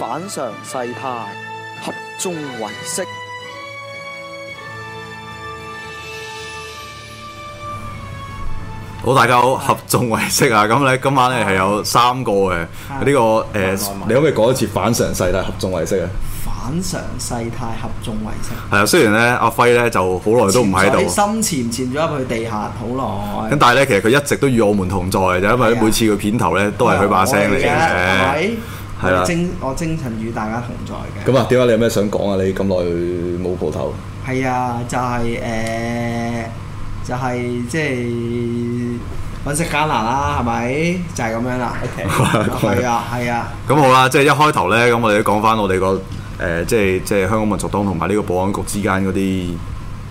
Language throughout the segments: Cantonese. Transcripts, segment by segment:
反常世態合眾唯識。好，大家好，合眾唯識啊！咁咧今晚咧係有三個嘅呢、啊這個誒，呃、你可唔可以講一次反常世態合眾唯識啊？反常世態合眾唯識係啊！雖然咧阿輝咧就好耐都唔喺度，心潛潛咗入去地下好耐。咁但係咧，其實佢一直都與我們同在嘅，就因為每次嘅片頭咧都係佢把聲嚟嘅。係啦，精、啊、我精神與大家同在嘅。咁啊，點解你有咩想講啊？你咁耐冇鋪頭。係啊，就係、是、誒、呃，就係、是、即係搵食艱難啦、啊，係咪？就係、是、咁樣啦。OK，係 啊，係 啊。咁好啦、就是呃，即係一開頭咧，咁我哋都講返我哋個誒，即係即係香港民族黨同埋呢個保安局之間嗰啲。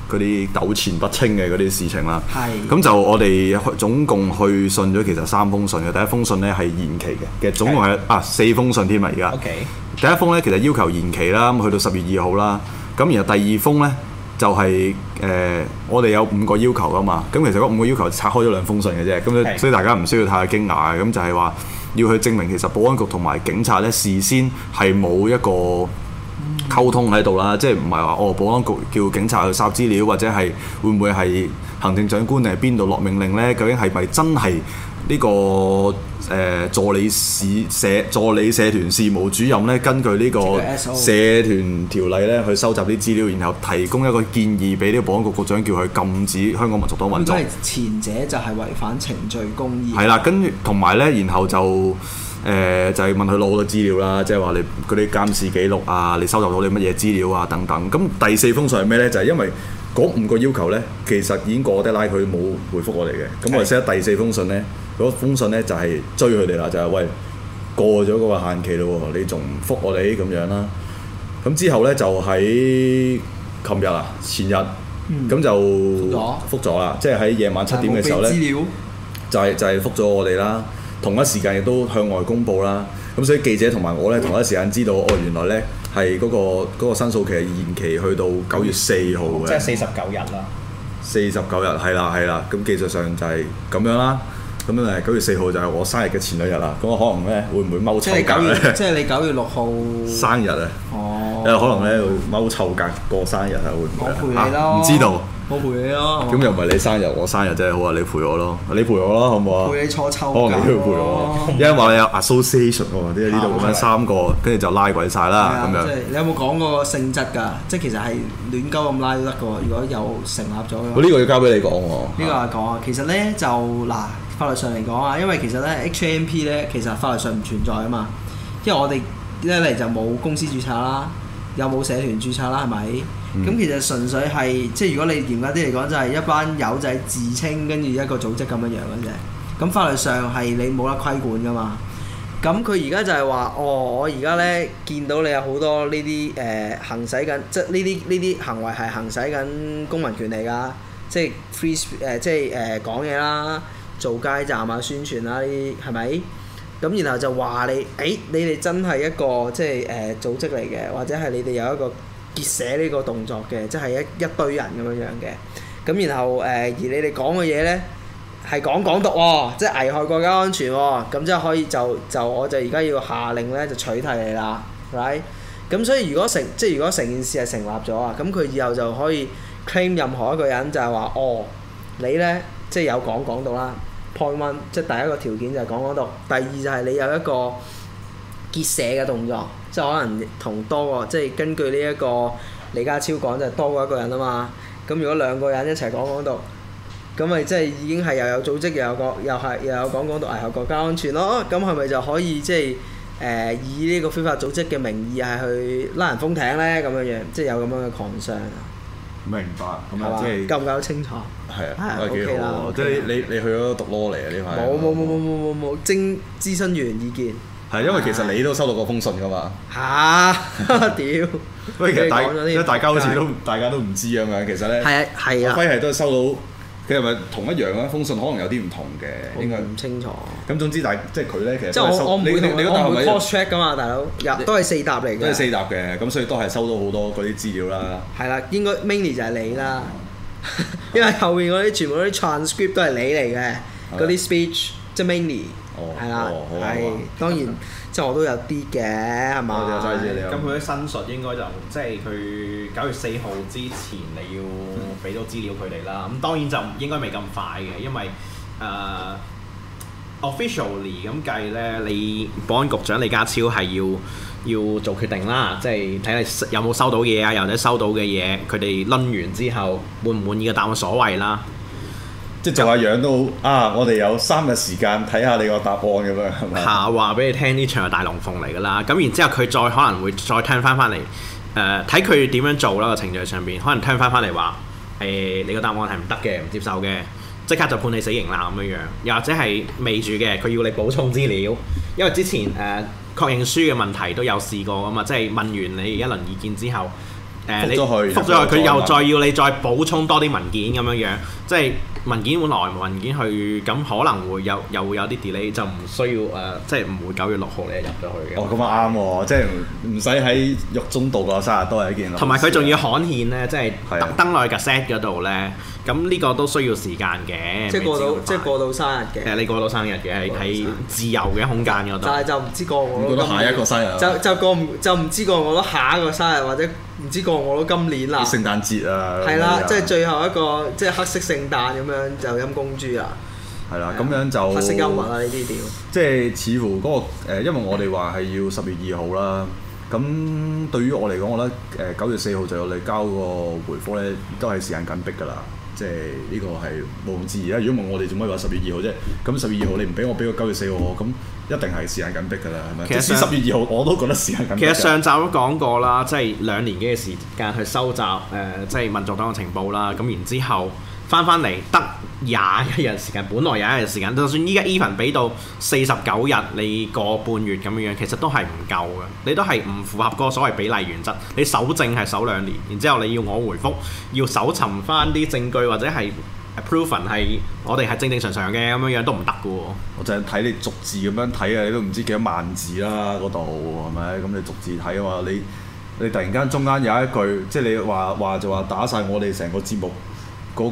嗰啲糾纏不清嘅嗰啲事情啦，咁是就我哋總共去信咗其實三封信嘅，第一封信咧係延期嘅，其實總共係的啊四封信添啊，而家。OK。第一封咧其實要求延期啦，咁去到十月二號啦，咁然後第二封咧就係、是、誒、呃、我哋有五個要求㗎嘛，咁其實嗰五個要求拆開咗兩封信嘅啫，咁所以大家唔需要太驚訝，咁的就係話要去證明其實保安局同埋警察咧事先係冇一個。溝通喺度啦，即係唔係話哦？保安局叫警察去收資料，或者係會唔會係行政長官定係邊度落命令呢？究竟係咪真係呢、呢個誒、呃、助理社助理社團事務主任呢？根據呢個社團條例呢，去收集啲資料，然後提供一個建議俾呢個保安局局長，叫佢禁止香港民族黨運作。即係前者就係違反程序公義。係啦，跟住同埋呢，然後就。誒、呃、就係、是、問佢攞好多資料啦，即係話你嗰啲監視記錄啊，你收集到啲乜嘢資料啊等等。咁第四封信係咩咧？就係、是、因為嗰五個要求咧，其實已經過 deadline，佢冇回覆我哋嘅。咁我寫咗第四封信咧，嗰封信咧就係追佢哋啦，就係、是就是、喂過咗嗰個限期啦，你仲唔覆我哋咁樣啦？咁之後咧就喺琴日啊，前日咁、嗯、就覆咗，覆咗啦。即係喺夜晚七點嘅時候咧、就是，就係就係覆咗我哋啦。同一時間亦都向外公佈啦，咁所以記者同埋我咧同一時間知道，哦，原來咧係嗰個嗰個申訴期係延期去到九月四號嘅，即係四十九日啦。四十九日係啦係啦，咁技術上就係咁樣啦，咁我誒九月四號就係我生日嘅前兩日啦，咁我可能咧會唔會踎臭格？即係即係你九月六號、就係、 生日啊！哦，誒可能咧踎臭格過生日啊，會唔會啊？係囉，唔知道。我陪你咯，咁又唔係你生日我生日真係，好啊？你陪我咯，你陪我咯，好唔好啊？陪你初秋，哦，你去陪我， 因為話你有 association 喎，啲呢度咁樣三個，跟住 就拉鬼晒啦，咁樣的天。你有冇講過個性質㗎？即係其實係亂鳩咁拉都得嘅。如果有成立咗，我呢個要交俾你講喎。呢、啊、個係講啊，其實咧就嗱，法律上嚟講啊，因為其實咧 HMP 咧其實法律上唔存在啊嘛，因為我哋一嚟就冇公司註冊啦。有冇社團註冊啦？係咪？咁、嗯、其實純粹係即係如果你嚴格啲嚟講，就係、是、一班友仔自稱跟住一個組織咁樣樣嘅啫。咁法律上係你冇得規管㗎嘛？咁佢而家就係話：哦，我而家咧見到你有好多呢啲誒行使緊，即係呢啲呢啲行為係行使緊公民權利㗎，即係 free 誒、呃，即係誒、呃、講嘢啦，做街站啊，宣傳啦，呢啲係咪？是。咁然後就話你，誒、哎，你哋真係一個即係誒、呃、組織嚟嘅，或者係你哋有一個結社呢個動作嘅，即係一一堆人咁樣樣嘅。咁然後誒、呃，而你哋講嘅嘢咧係講港獨喎、哦，即係危害國家安全喎、哦，咁即係可以就就我就而家要下令咧就取締你啦，係、right? 咁所以如果成即係如果成件事係成立咗啊，咁佢以後就可以 claim 任何一個人就係話，哦，你咧即係有講港獨啦。Point one，即係第一個條件就係講港獨，第二就係你有一個結社嘅動作，即係可能同多個，即係根據呢一個李家超講就係、是、多過一個人啊嘛，咁如果兩個人一齊講港獨，咁咪即係已經係又有組織又有個又係又有講港獨危害國家安全咯，咁係咪就可以即係誒、呃、以呢個非法組織嘅名義係去拉人封艇呢？咁樣樣，即係有咁樣嘅擴張？明白，咁樣吧即係搞唔搞清楚？係啊，係啊好 OK 即係你你,你去咗讀 law 嚟啊？呢排冇冇冇冇冇冇冇精諮詢員意見。係、啊、因為其實你都收到個封信噶嘛嚇，屌、啊！所以 其實大因為大家好似都然大家都唔知咁樣，其實咧係啊係啊，啊輝係都收到。佢係咪同一樣啊？封信可能有啲唔同嘅，應該唔清楚。咁總之，但係即係佢咧，其實即係我我唔會唔會 false check 噶嘛，大佬，都係四答嚟嘅，都係四答嘅，咁所以都係收到好多嗰啲資料啦。係啦，應該 mini 就係你啦，因為後面嗰啲全部嗰啲 transcript 都係你嚟嘅，嗰啲 speech 即係 mini。係啦，係當然，即的我都有啲嘅，係嘛的？咁佢啲申述應該就即係佢九月四號之前，你要俾咗、嗯、資料佢哋啦。咁當然就應該未咁快嘅，因為誒、呃、officially 咁計咧，你保安局長李家超係要要做決定啦。即係睇下有冇收到嘢啊，或者收到嘅嘢，佢哋攤完之後滿唔滿意嘅答案所謂啦。即係就係樣都啊！我哋有三日時間睇下你個答案咁樣，係咪？嚇！話俾你聽，呢場係大龍鳳嚟㗎啦。咁然之後，佢再可能會再聽翻翻嚟，誒睇佢點樣做啦個程序上邊，可能聽翻翻嚟話係你個答案係唔得嘅，唔接受嘅，即刻就判你死刑啦咁樣樣。又或者係未住嘅，佢要你補充資料，因為之前誒、呃、確認書嘅問題都有試過㗎嘛，即係問完你一輪意見之後，誒、呃、復咗佢，復咗佢，佢又再要你再補充多啲文件咁樣樣，即係。文件來文件去，咁可能會有又會有啲 delay，就唔需要誒，即係唔會九月六號你入咗去嘅。哦，咁啊啱喎，即係唔使喺獄中度過生日都係一件。同埋佢仲要刊憲咧，即係登落去 Gazette 嗰度咧，咁呢個都需要時間嘅。即過到即過到生日嘅。你過到生日嘅係睇自由嘅空間嗰度。但係就唔知過我。下一個生日。就就過唔就唔知過我咯，下一個生日或者唔知過我咯，今年啦。聖誕節啊！係啦，即係最後一個即係黑色聖誕咁。咁樣就陰公豬啊！係啦，咁樣就黑色幽默啦！呢啲調即係似乎嗰、那個、呃、因為我哋話係要十月二號啦。咁對於我嚟講，我覺得誒九月四號就有你交個回覆咧，都係時間緊迫噶啦。即、就、係、是、呢個係無從置疑啦。如果問我哋做乜話十月二號啫？咁十月二號你唔俾我俾個九月四號我，咁一定係時間緊迫噶啦，係咪？其實先十月二號，我都覺得時間緊迫其。其實上集都講過啦，即係兩年幾嘅時間去收集誒、呃，即係民族黨嘅情報啦。咁然之後。翻翻嚟得廿一日時間，本來廿一日時間，就算依家 even 俾到四十九日，你個半月咁樣樣，其實都係唔夠嘅，你都係唔符合嗰個所謂比例原則。你搜證係守兩年，然之後你要我回覆，要搜尋翻啲證據或者係 approval 係我哋係正正常常嘅咁樣樣都唔得嘅。我就係睇你逐字咁樣睇啊，你都唔知幾多萬字啦嗰度，係咪？咁你逐字睇嘅話，你你突然間中間有一句，即係你話話就話打晒我哋成個節目。嗰、嗰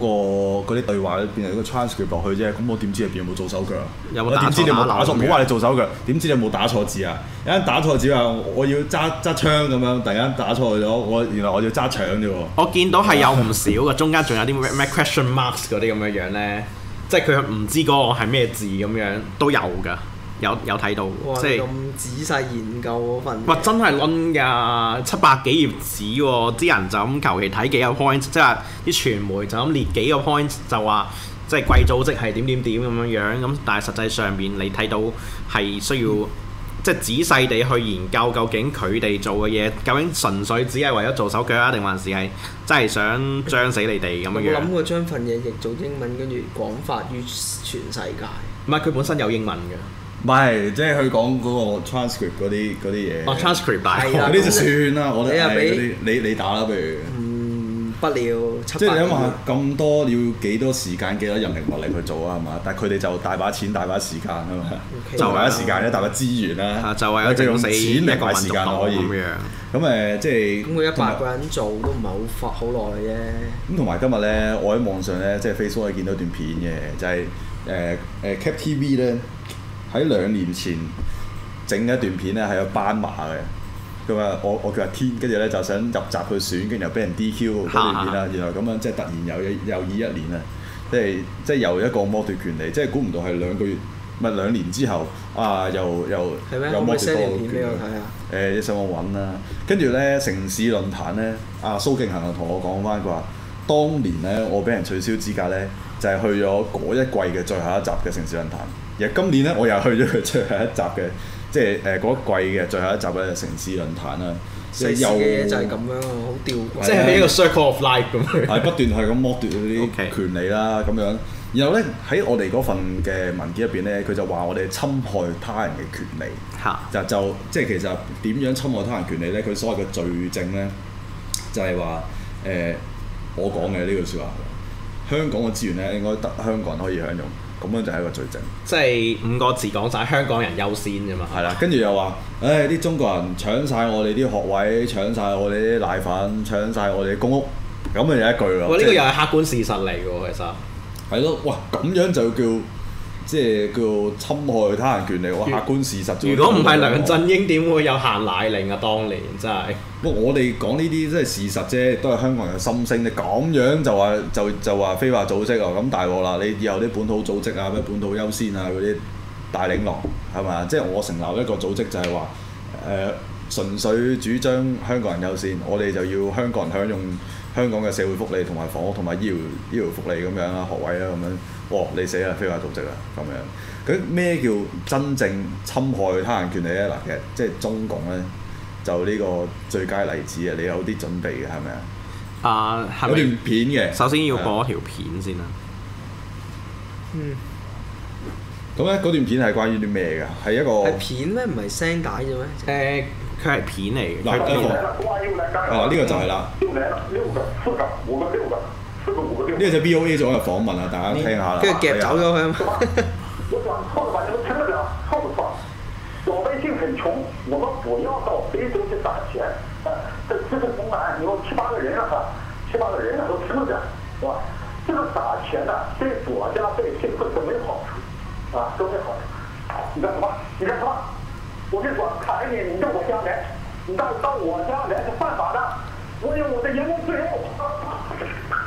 個嗰啲對話變嚟一個 transcript 落去啫，咁我點知入邊有冇做手腳啊？有冇打，打，打，打錯字啊？唔好話你做手腳，點知你冇打錯字啊？有陣打錯字話我要揸揸槍咁樣，突然間打錯咗，我原來我要揸槍啫喎。我見到係有唔少嘅， 中間仲有啲咩 question marks 嗰啲咁樣樣咧，即係佢唔知嗰個係咩字咁樣都有㗎。有有睇到，哇即係是咁仔細研究嗰份。哇！真係攆㗎，七百幾頁紙喎，哦。啲人就咁求其睇幾個 point，即係話啲傳媒就咁列幾個 point，就話即係貴組織係點點點咁樣樣。咁但係實際上面你睇到係需要、嗯、即係仔細地去研究，究竟佢哋做嘅嘢究竟純粹只係為咗做手腳啊，定還是係真係想將死你哋咁、嗯、樣樣？我諗過將份嘢譯做英文，跟住廣發於全世界。唔係佢本身有英文嘅。唔係，即係佢講嗰個 transcript 嗰啲啲嘢。啊，transcript，係啊，呢啲就算啦。我覺得你俾你你打啦，不如嗯不了，即係你諗下咁多要幾多時間，幾多人力物力去做啊？係嘛？但係佢哋就大把錢、大把時間啊嘛，就係啲時間咧，大把資源啦。啊，就係啊，即用錢嚟換時間可以咁樣。即係咁佢一百個人做都唔係好花好耐嘅啫。咁同埋今日咧，我喺網上咧，即係 Facebook 見到段片嘅，就係誒誒 Cap TV 咧。喺兩年前整一段片咧，係有斑馬嘅，咁啊，我我叫阿天，跟住咧就想入閘去選，跟住又俾人 DQ 呢段片啦，然、啊啊啊、來咁樣即係突然又又二一年啊，即係即係又一個剝奪權利，即係估唔到係兩個月唔係兩年之後啊，又又嗎有剝魔奪咩？可唔可你上網揾啦。跟住咧，城市論壇咧，阿、啊、蘇敬恒又同我講翻，佢話當年咧，我俾人取消資格咧，就係、是、去咗嗰一季嘅最後一集嘅城市論壇。今年咧，我又去咗佢最後一集嘅，即係誒嗰季嘅最後一集嘅城市論壇啦。有嘅嘢就係咁樣，好吊、嗯。即係一個 circle of life 咁、嗯、樣。係 不斷係咁剝奪嗰啲權利啦，咁 Okay. 樣。然後咧喺我哋嗰份嘅文件入邊咧，佢就話我哋侵害他人嘅權利。嚇！ 就就即係其實點樣侵害他人權利咧？佢所謂嘅罪證咧，就係話誒我講嘅呢句説話，香港嘅資源咧應該得香港人可以享用。咁樣就係一個罪證，即係五個字講晒香港人優先啫嘛。係啦，跟住又話，誒啲中國人搶晒我哋啲學位，搶晒我哋啲奶粉，搶晒我哋啲公屋，咁咪有一句啦。哇！呢個又係客觀事實嚟嘅喎，其實係咯。哇！咁樣就叫。即係叫侵害他人權利，我客觀事實。如果唔係梁振英，點會有限奶令啊？當年真係。不過我哋講呢啲即係事實啫，都係香港人嘅心聲。你咁樣就話就就話非法組織啊，咁大鑊啦！你以後啲本土組織啊，咩本土優先啊嗰啲大領狼係咪啊？即係我成立一個組織就係話誒，純粹主張香港人優先，我哋就要香港人享用香港嘅社會福利同埋房屋同埋醫療醫療福利咁樣啊，學位啊咁樣。哦，你死啦，非法組織啊，咁樣。佢咩叫真正侵害他人權利咧？嗱，其實即係中共咧，就呢、是、個最佳例子啊！你有啲準備嘅係咪啊？啊，嗰段片嘅，首先要播條片是、啊、先啦。嗯。咁咧、哦，嗰段片係關於啲咩嘅？係一個。係片咧，唔係聲帶啫咩？誒，佢係片嚟嘅。嗱，呢個。啊，呢個就係啦。這個就是、B O A 做緊訪問啊，大家聽下啦。跟住夾走咗佢啊嘛。我話開門辦酒請乜人？開門辦，老百姓很窮。我們不要到非洲去打錢，啊、這這是東南有七八個人啊，七八個人、啊、都聽得，是、啊、吧？這個打錢呢、啊，對國家對政府都沒有好處，啊，都沒好處。你幹嘛？你幹嘛？我跟你說，看你你到我家來，你到到我家來是犯法的，我有我的言論自由。啊啊啊啊啊啊啊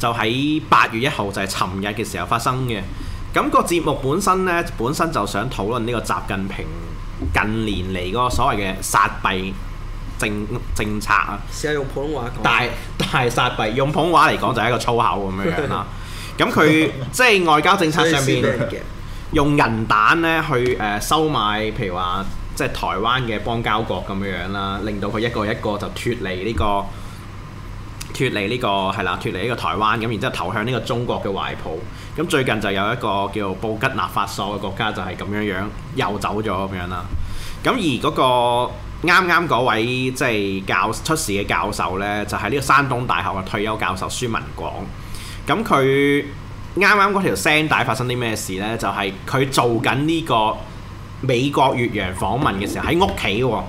就喺八月一號，就係、是、尋日嘅時候發生嘅。咁個節目本身呢，本身就想討論呢個習近平近年嚟個所謂嘅撒幣政政策啊。試下用普通話講。大大撒幣用普通話嚟講就係一個粗口咁樣啦。咁佢 即係外交政策上面， 用人蛋呢去誒、呃、收買，譬如話即係台灣嘅邦交國咁樣樣啦，令到佢一個一個就脱離呢、這個。脫離呢、這個係啦，脫離呢個台灣咁，然之後投向呢個中國嘅懷抱。咁最近就有一個叫布吉納法索嘅國家就係咁樣樣，又走咗咁樣啦。咁而嗰、那個啱啱嗰位即係、就是、教出事嘅教授呢，就係、是、呢個山東大學嘅退休教授孫文廣。咁佢啱啱嗰條聲帶發生啲咩事呢？就係、是、佢做緊呢個美國越洋訪問嘅時候喺屋企喎。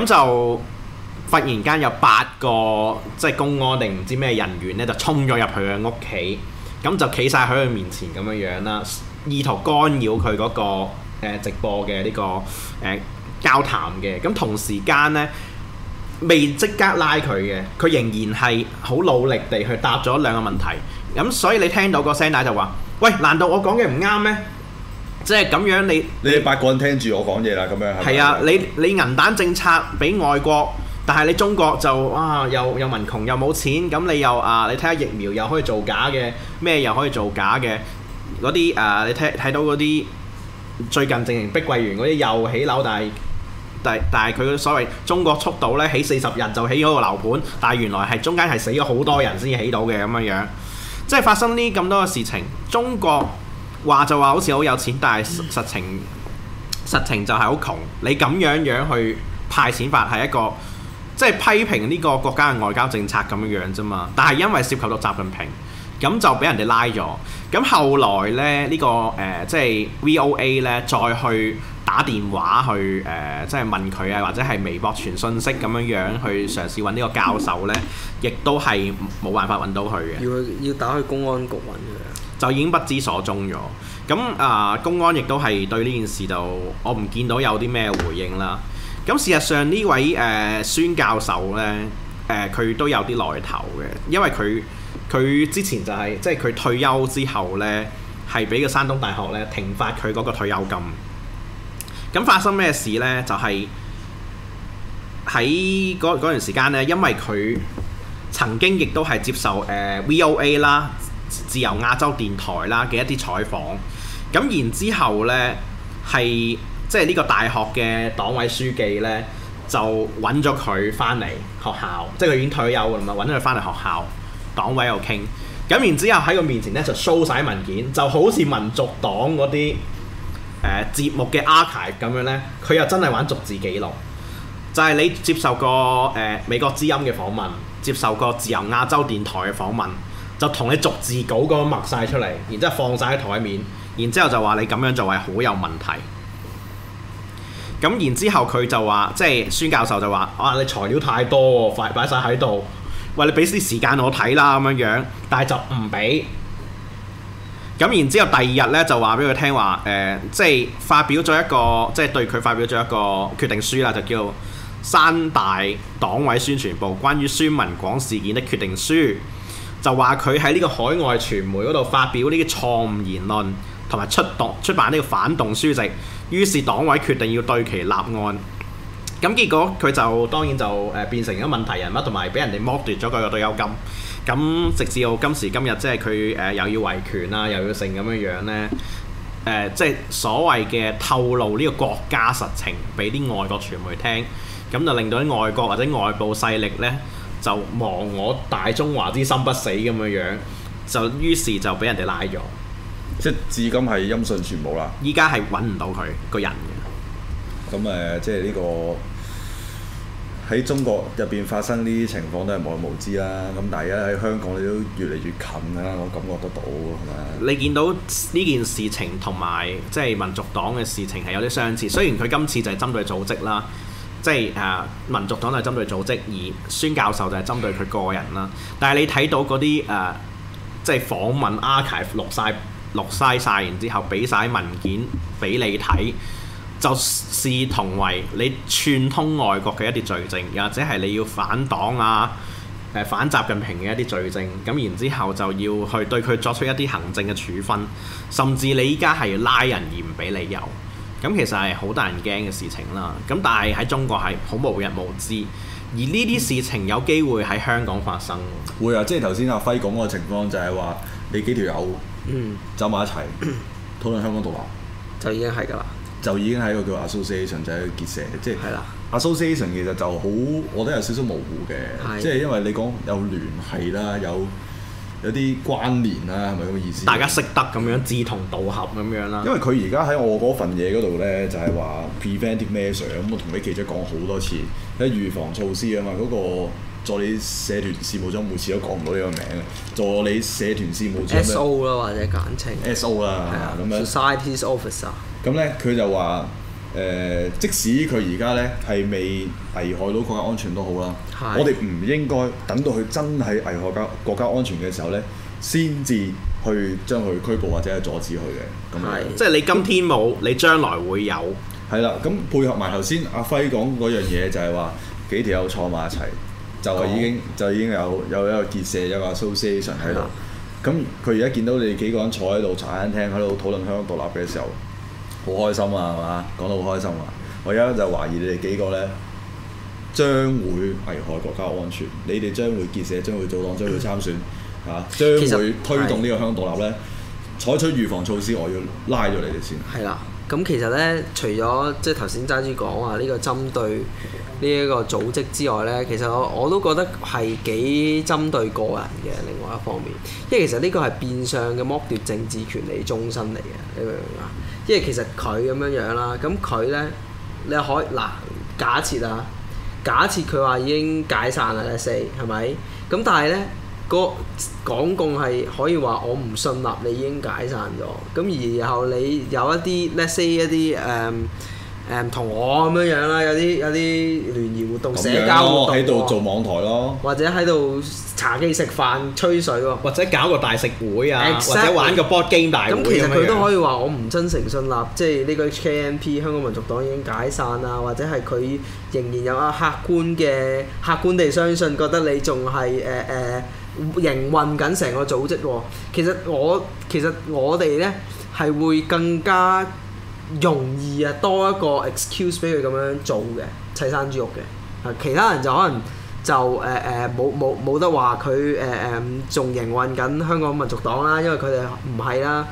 咁就。忽然間有八個即係公安定唔知咩人員咧，就衝咗入佢嘅屋企，咁就企晒喺佢面前咁樣樣啦，意圖干擾佢嗰個誒直播嘅呢個誒交談嘅。咁同時間呢，未即刻拉佢嘅，佢仍然係好努力地去答咗兩個問題。咁所以你聽到個聲帶就話，喂，難道我講嘅唔啱咩？即係咁樣你你八個人聽住我講嘢啦，咁樣係啊，吧你你銀彈政策俾外國。但係你中國就啊，又又民窮又冇錢，咁你又啊、呃，你睇下疫苗又可以做假嘅，咩又可以做假嘅？嗰啲誒，你睇睇到嗰啲最近正型碧桂園嗰啲又起樓，但係但係但係佢所謂中國速度呢，起四十日就起嗰個樓盤，但係原來係中間係死咗好多人先至起到嘅咁樣樣，即係發生呢咁多嘅事情，中國話就話好似好有錢，但係實，實情實情就係好窮。你咁樣樣去派錢法係一個。即係批評呢個國家嘅外交政策咁樣樣啫嘛，但係因為涉及到習近平，咁就俾人哋拉咗。咁後來咧，這個呃、呢個誒即係 VOA 咧，再去打電話去誒、呃，即係問佢啊，或者係微博傳信息咁樣樣去嘗試揾呢個教授咧，亦都係冇辦法揾到佢嘅。要要打去公安局揾㗎？就已經不知所終咗。咁啊、呃，公安亦都係對呢件事就我唔見到有啲咩回應啦。咁事實上呢位誒孫、呃、教授呢，佢、呃、都有啲來頭嘅，因為佢佢之前就係、係、即係佢退休之後呢，係俾個山東大學呢停發佢嗰個退休金。咁發生咩事呢？就係喺嗰段時間呢，因為佢曾經亦都係接受誒 VOA 啦、呃、VO A，自由亞洲電台啦嘅一啲採訪，咁然之後呢，係。即係呢個大學嘅黨委書記呢，就揾咗佢翻嚟學校，即係佢已經退休㗎啦嘛，揾咗佢翻嚟學校，黨委又傾，咁然之後喺佢面前呢，就掃晒文件，就好似民族黨嗰啲誒節目嘅 archive 咁樣呢，佢又真係玩逐字記錄，就係、是、你接受過誒、呃、美國之音嘅訪問，接受過自由亞洲電台嘅訪問，就同你逐字稿咁樣默晒出嚟，然之後放晒喺台面，然之後就話你咁樣就係好有問題。咁然之後佢就話，即係孫教授就話，啊，你材料太多，快擺晒喺度。喂，你俾啲時間我睇啦，咁樣樣。但係就唔俾。咁然之後第二日呢，就話俾佢聽話、呃，即係發表咗一個，即係對佢發表咗一個決定書啦，就叫山大黨委宣傳部關於孫文廣事件的決定書，就話佢喺呢個海外傳媒嗰度發表呢啲錯誤言論，同埋出動出版呢個反動書籍。於是黨委決定要對其立案，咁結果佢就當然就誒、呃、變成咗問題人物，同埋俾人哋剝奪咗佢個退休金。咁直至到今時今日，即係佢誒又要維權啊，又要成咁樣樣呢、呃，即係所謂嘅透露呢個國家實情俾啲外國傳媒聽，咁就令到啲外國或者外部勢力呢，就亡我大中華之心不死咁樣樣，就於是就俾人哋拉咗。即至今係音訊全無啦。依家係揾唔到佢個人嘅。咁誒、呃，即係呢、呢個喺中國入邊發生呢啲情況都係無可無知啦。咁但係而家喺香港你都越嚟越近啦，我感覺得到係嘛？你見到呢件事情同埋即係民族黨嘅事情係有啲相似，雖然佢今次就係針對組織啦，即係誒、呃、民族黨就係針對組織，而孫教授就係針對佢個人啦。但係你睇到嗰啲誒，即係訪問 archive 落曬錄晒晒，然之後俾晒文件俾你睇，就視同為你串通外國嘅一啲罪證，又或者係你要反黨啊，誒反習近平嘅一啲罪證，咁然後之後就要去對佢作出一啲行政嘅處分，甚至你依家係要拉人而唔俾你由，咁其實係好得人驚嘅事情啦。咁但係喺中國係好無日無之，而呢啲事情有機會喺香港發生。會啊，即係頭先阿輝講個情況就係話你幾條友。嗯，走埋一齊 討論香港獨立，就已經係㗎啦，就已經喺個叫 association 就係一個結社，即係係啦。association 其實就好，我覺得有少少模糊嘅，即係的因為你講有聯繫啦，有有啲關聯啦，係咪咁嘅意思？大家識得咁樣志同道合咁樣啦。因為佢而家喺我嗰份嘢嗰度咧，就係話 preventive measure 咁，我同啲記者講好多次，喺預防措施啊嘛，嗰、嗰個。助理社團事務組每次都講唔到呢個名嘅，助理社團事務組。S.O. 啦，或者簡稱，S.O. 啦，係啊，咁樣。Societies Officer。咁咧，佢就話誒，即使佢而家咧係未危害到國家安全都好啦，我哋唔應該等到佢真係危害家國家安全嘅時候咧，先至去將佢拘捕或者係阻止佢嘅。咁係。即係你今天冇，你將來會有。係啦，咁配合埋頭先，阿輝講嗰樣嘢就係話幾條友坐埋一齊。就已經就已經有有一個結社，一個 association 喺度，咁佢而家見到你哋幾個人坐喺度茶餐廳喺度討論香港獨立嘅時候，好開心啊，係嘛？講得好開心啊！我而家就懷疑你哋幾個呢，將會危害國家安全，你哋將會結社、將會組黨、將會參選，嚇、嗯啊，將會推動呢個香港獨立呢。採取預防措施，我要拉咗你哋先。係啦。咁、嗯、其實咧，除咗即係頭先齋主講話呢個針對呢一個組織之外咧，其實我我都覺得係幾針對個人嘅。另外一方面，因為其實呢個係變相嘅剝奪政治權利終身嚟嘅，你明唔明啊？因為其實佢咁樣樣啦，咁佢咧你可以嗱假設啊，假設佢話已經解散啦，四係咪？咁但係咧。個港共係可以話我唔信納，你已經解散咗。咁然後你有一啲 let's say 一啲誒誒同我咁樣樣啦，有啲有啲聯誼活動、社交喺、哦、度做網台咯，或者喺度茶記食飯吹水喎，或者搞個大食會啊，exactly, 或者玩個 board game 大咁。其實佢都可以話我唔真誠信納，即係呢個 HKNP 香港民族黨已經解散啦，或者係佢仍然有啊客觀嘅客觀地相信覺得你仲係誒誒。呃呃呃呃營運緊成個組織喎，其實我其實我哋呢，係會更加容易啊，多一個 excuse 俾佢咁樣做嘅，砌生豬肉嘅。其他人就可能就誒誒冇冇冇得話佢誒誒仲營運緊香港民族黨啦，因為佢哋唔係啦。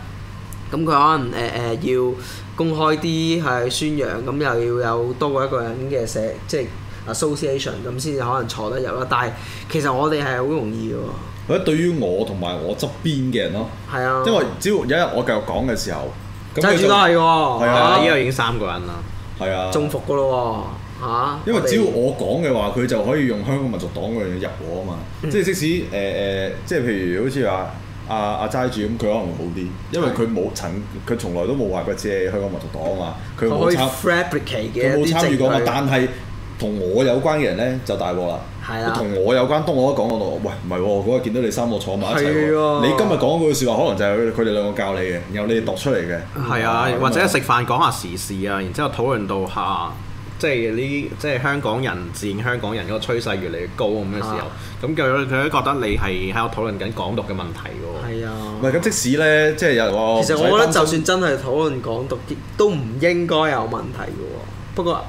咁、嗯、佢可能誒誒、呃、要公開啲係宣揚，咁、嗯、又要有多過一個人嘅社即係。Association 咁先至可能坐得入啦，但係其實我哋係好容易嘅喎。咁對於我同埋我側邊嘅人咯，係啊，因為只要有一日我繼續講嘅時候，齋主都係喎，係啊，依個已經三個人啦，係啊，中伏嘅咯喎嚇。因為只要我講嘅話，佢就可以用香港民族黨嗰樣嘢入我啊嘛。即係即使誒誒，即係譬如好似話阿阿齋主咁，佢可能會好啲，因為佢冇曾佢從來都冇話過借香港民族黨啊嘛，佢冇參，佢冇參與過嘛，但係。同我有關嘅人咧就大鑊啦，同、啊、我有關，當我都講過，喂唔係喎，嗰日見到你三個坐埋一齊、啊、你今日講嗰句説話可能就係佢哋兩個教你嘅，然後你哋讀出嚟嘅，係啊，嗯、或者食飯講下時事啊，然之後討論到下、啊，即係呢，即係香港人自然香港人嗰個趨勢越嚟越高咁嘅時候，咁佢佢都覺得你係喺度討論緊港獨嘅問題喎，係啊，唔係咁即使咧，即係有我其實我覺得就算真係討論港獨，都唔應該有問題嘅喎，不過。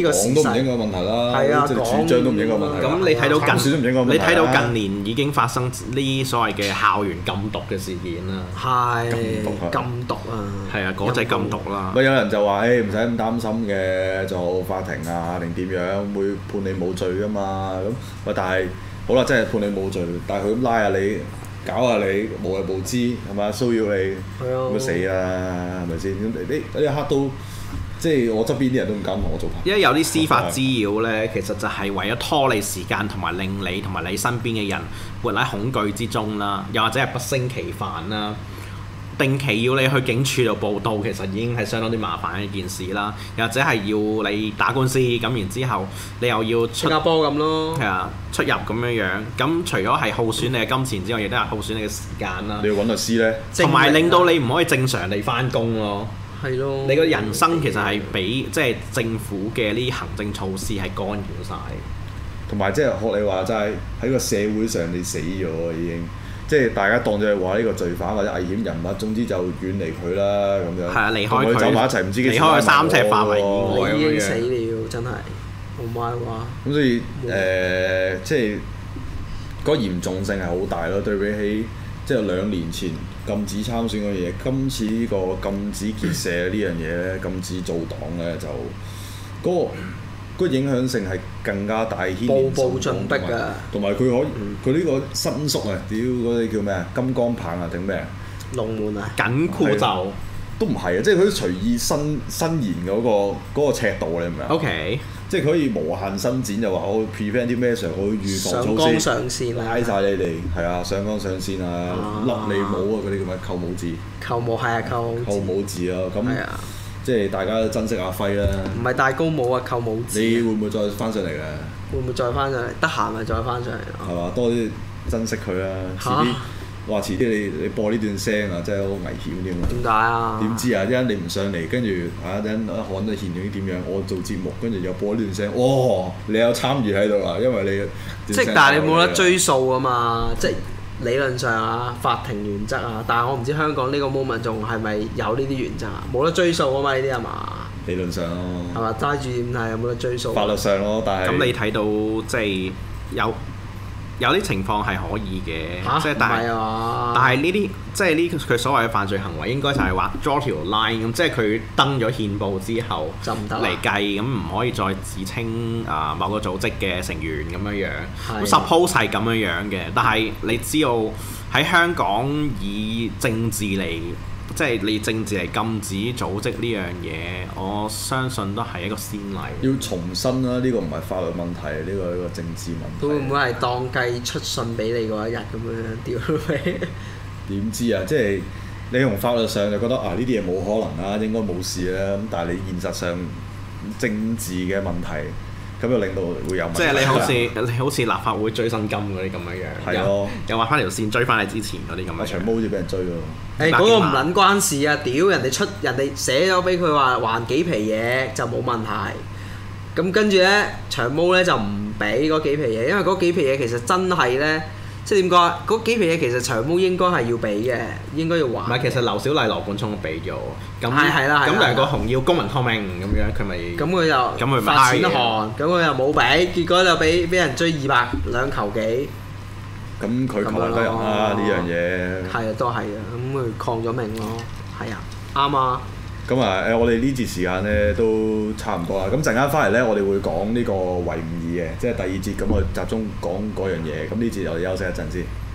講都唔應該問題啦，即係主張都唔應該問題。咁你睇到近年，你睇到近年已經發生呢所謂嘅校園禁毒嘅事件啦，禁毒啊，係啊，果仔禁毒啦。咪有人就話，誒唔使咁擔心嘅，就法庭啊定點樣會判你冇罪噶嘛？咁咪但係好啦，真係判你冇罪，但係佢咁拉下你，搞下你，無謂無知係咪啊？騷擾你，咁死啊，係咪先？咁你一刻都。即係我側邊啲人都唔敢同我做法，因為有啲司法滋擾呢，嗯、其實就係為咗拖你時間，同埋令你同埋你身邊嘅人活喺恐懼之中啦，又或者係不勝其煩啦。定期要你去警署度報到，其實已經係相當啲麻煩嘅一件事啦。又或者係要你打官司，咁然後之後你又要出新加坡咁咯，係啊，出入咁樣樣。咁除咗係耗損你嘅金錢之外，亦、嗯、都係耗損你嘅時間啦。你要揾律師呢，同埋令到你唔可以正常地翻工咯。係咯，你嘅人生其實係俾即係政府嘅呢啲行政措施係干擾晒、就是，同埋即係學你話齋喺個社會上你死咗已經，即係大家當住話呢個罪犯或者危險人物，總之就遠離佢啦咁樣就。係啊，離開佢，埋一齊唔知離開佢三尺範圍，啊、你已經死了，真係唔係話。咁所以誒、呃，即係嗰、那個、嚴重性係好大咯，對比起。即係兩年前禁止參選嘅嘢，今次呢個禁止結社呢樣嘢咧，禁止做黨咧，就嗰、嗰個嗰個影響性係更加大，牽連甚廣啊！步步進逼㗎！同埋佢可以，佢呢個伸縮啊，屌嗰啲叫咩啊？金剛棒啊定咩啊？龍門啊，緊箍咒都唔係啊！即係佢都隨意伸伸延嗰、嗰個嗰個尺度你明唔明？OK。Okay. 即係可以無限伸展，就話我 prevent 啲咩嘢上，我預防措施，上綱上線啊！拉晒你哋，係啊，上綱上線啊，笠你、啊、帽啊，嗰啲咁嘅扣帽子，扣帽係啊，扣扣帽子啊，咁即係大家都珍惜阿輝啦、啊。唔係戴高帽啊，扣帽子、啊。你會唔會再翻上嚟㗎？會唔會再翻上嚟？得閒咪再翻上嚟。係嘛、啊，多啲珍惜佢啊。啊話遲啲你你播呢段聲啊，真係好危險添。點解啊？點知啊？一陣你唔上嚟，跟住下一陣一看都係現場點樣。我做節目，跟住又播呢段聲。哦，你有參與喺度啊？因為你即係，但係你冇得追訴啊嘛。即係理論上啊，法庭原則啊，但係我唔知香港呢個 moment 仲係咪有呢啲原則啊？冇得追訴啊嘛，呢啲係嘛？理論上咯，係嘛？揸住點睇啊？冇得追訴、啊。法律上咯、啊，但係咁你睇到即係、就是、有。有啲情況係可以嘅蛤，即係但係，但係呢啲即係呢佢所謂嘅犯罪行為，應該就係話 draw 條 line 咁，即係佢登咗憲報之後就嚟計，咁唔可以再自稱啊某個組織嘅成員咁樣樣。Suppose 係咁樣樣嘅，但係你知道喺香港以政治嚟。即係你政治係禁止組織呢樣嘢，我相信都係一個先例。要重申啦，呢個唔係法律問題，呢個係一個政治問題。會唔會係當雞出信俾你嗰一日咁樣屌你？點 知啊？即係你從法律上就覺得啊，呢啲嘢冇可能啦，應該冇事啦。咁但係你現實上政治嘅問題。咁就令到會有問題。即係你好似吧你好似立法會追薪金嗰啲咁樣樣。係咯吧，又話翻條線追翻你之前嗰啲咁。長毛要俾人追喎。誒、欸，嗰、那個唔撚關事啊！屌人哋出人哋寫咗俾佢話還幾皮嘢就冇問題。咁跟住咧，長毛咧就唔俾嗰幾皮嘢，因為嗰幾皮嘢其實真係咧。即係點講？嗰幾片嘢其實長毛應該係要俾嘅，應該要還。唔係，其實劉小麗、羅冠聰都俾咗。咁係係啦。咁梁國雄要公民抗命咁樣，佢咪咁佢就發錢寒，咁佢又冇俾，結果就俾俾人追二百兩球幾。咁佢抗咗命啊！呢樣嘢係啊，都係啊，咁佢抗咗命咯，係啊，啱啊。咁啊，誒，我哋呢節時間咧都差唔多啦，咁陣間翻嚟咧，我哋會講呢個維吾爾嘅，即係第二節，咁我集中講嗰樣嘢，咁呢節我哋休息一陣先。